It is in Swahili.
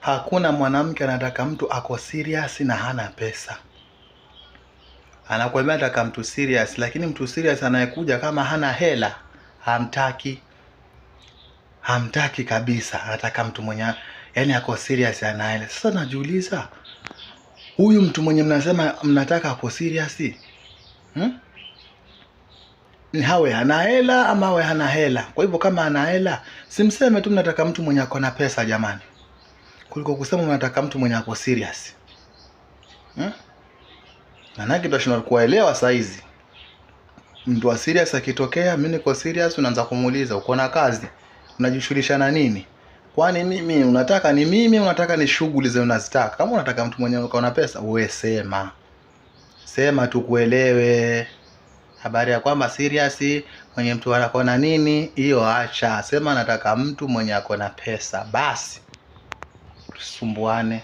Hakuna mwanamke anataka mtu ako serious na hana pesa. Anakuambia nataka mtu serious, lakini mtu serious anayekuja kama hana hela hamtaki, hamtaki kabisa. Anataka mtu mwenye yani ako serious ana hela. Sasa najiuliza huyu mtu mwenye mnasema mnataka ako serious hmm? Ni hawe ana hela ama hawe hana hela. Kwa hivyo kama ana hela, simseme tu mnataka mtu mwenye ako na pesa, jamani kuliko kusema unataka mtu mwenye ako serious hmm? Manake tunashindwa kuwaelewa hizi. Mtu wa serious akitokea, mimi niko serious, unaanza kumuuliza uko na kazi, unajishughulisha na nini? Kwani mimi unataka ni mimi, unataka ni shughuli zenu unazitaka. Kama unataka mtu mwenye uko na pesa, wewe sema sema, tukuelewe. Habari ya kwamba serious mwenye mtu anako nini, hiyo acha. Sema nataka mtu mwenye akona pesa basi tusumbuane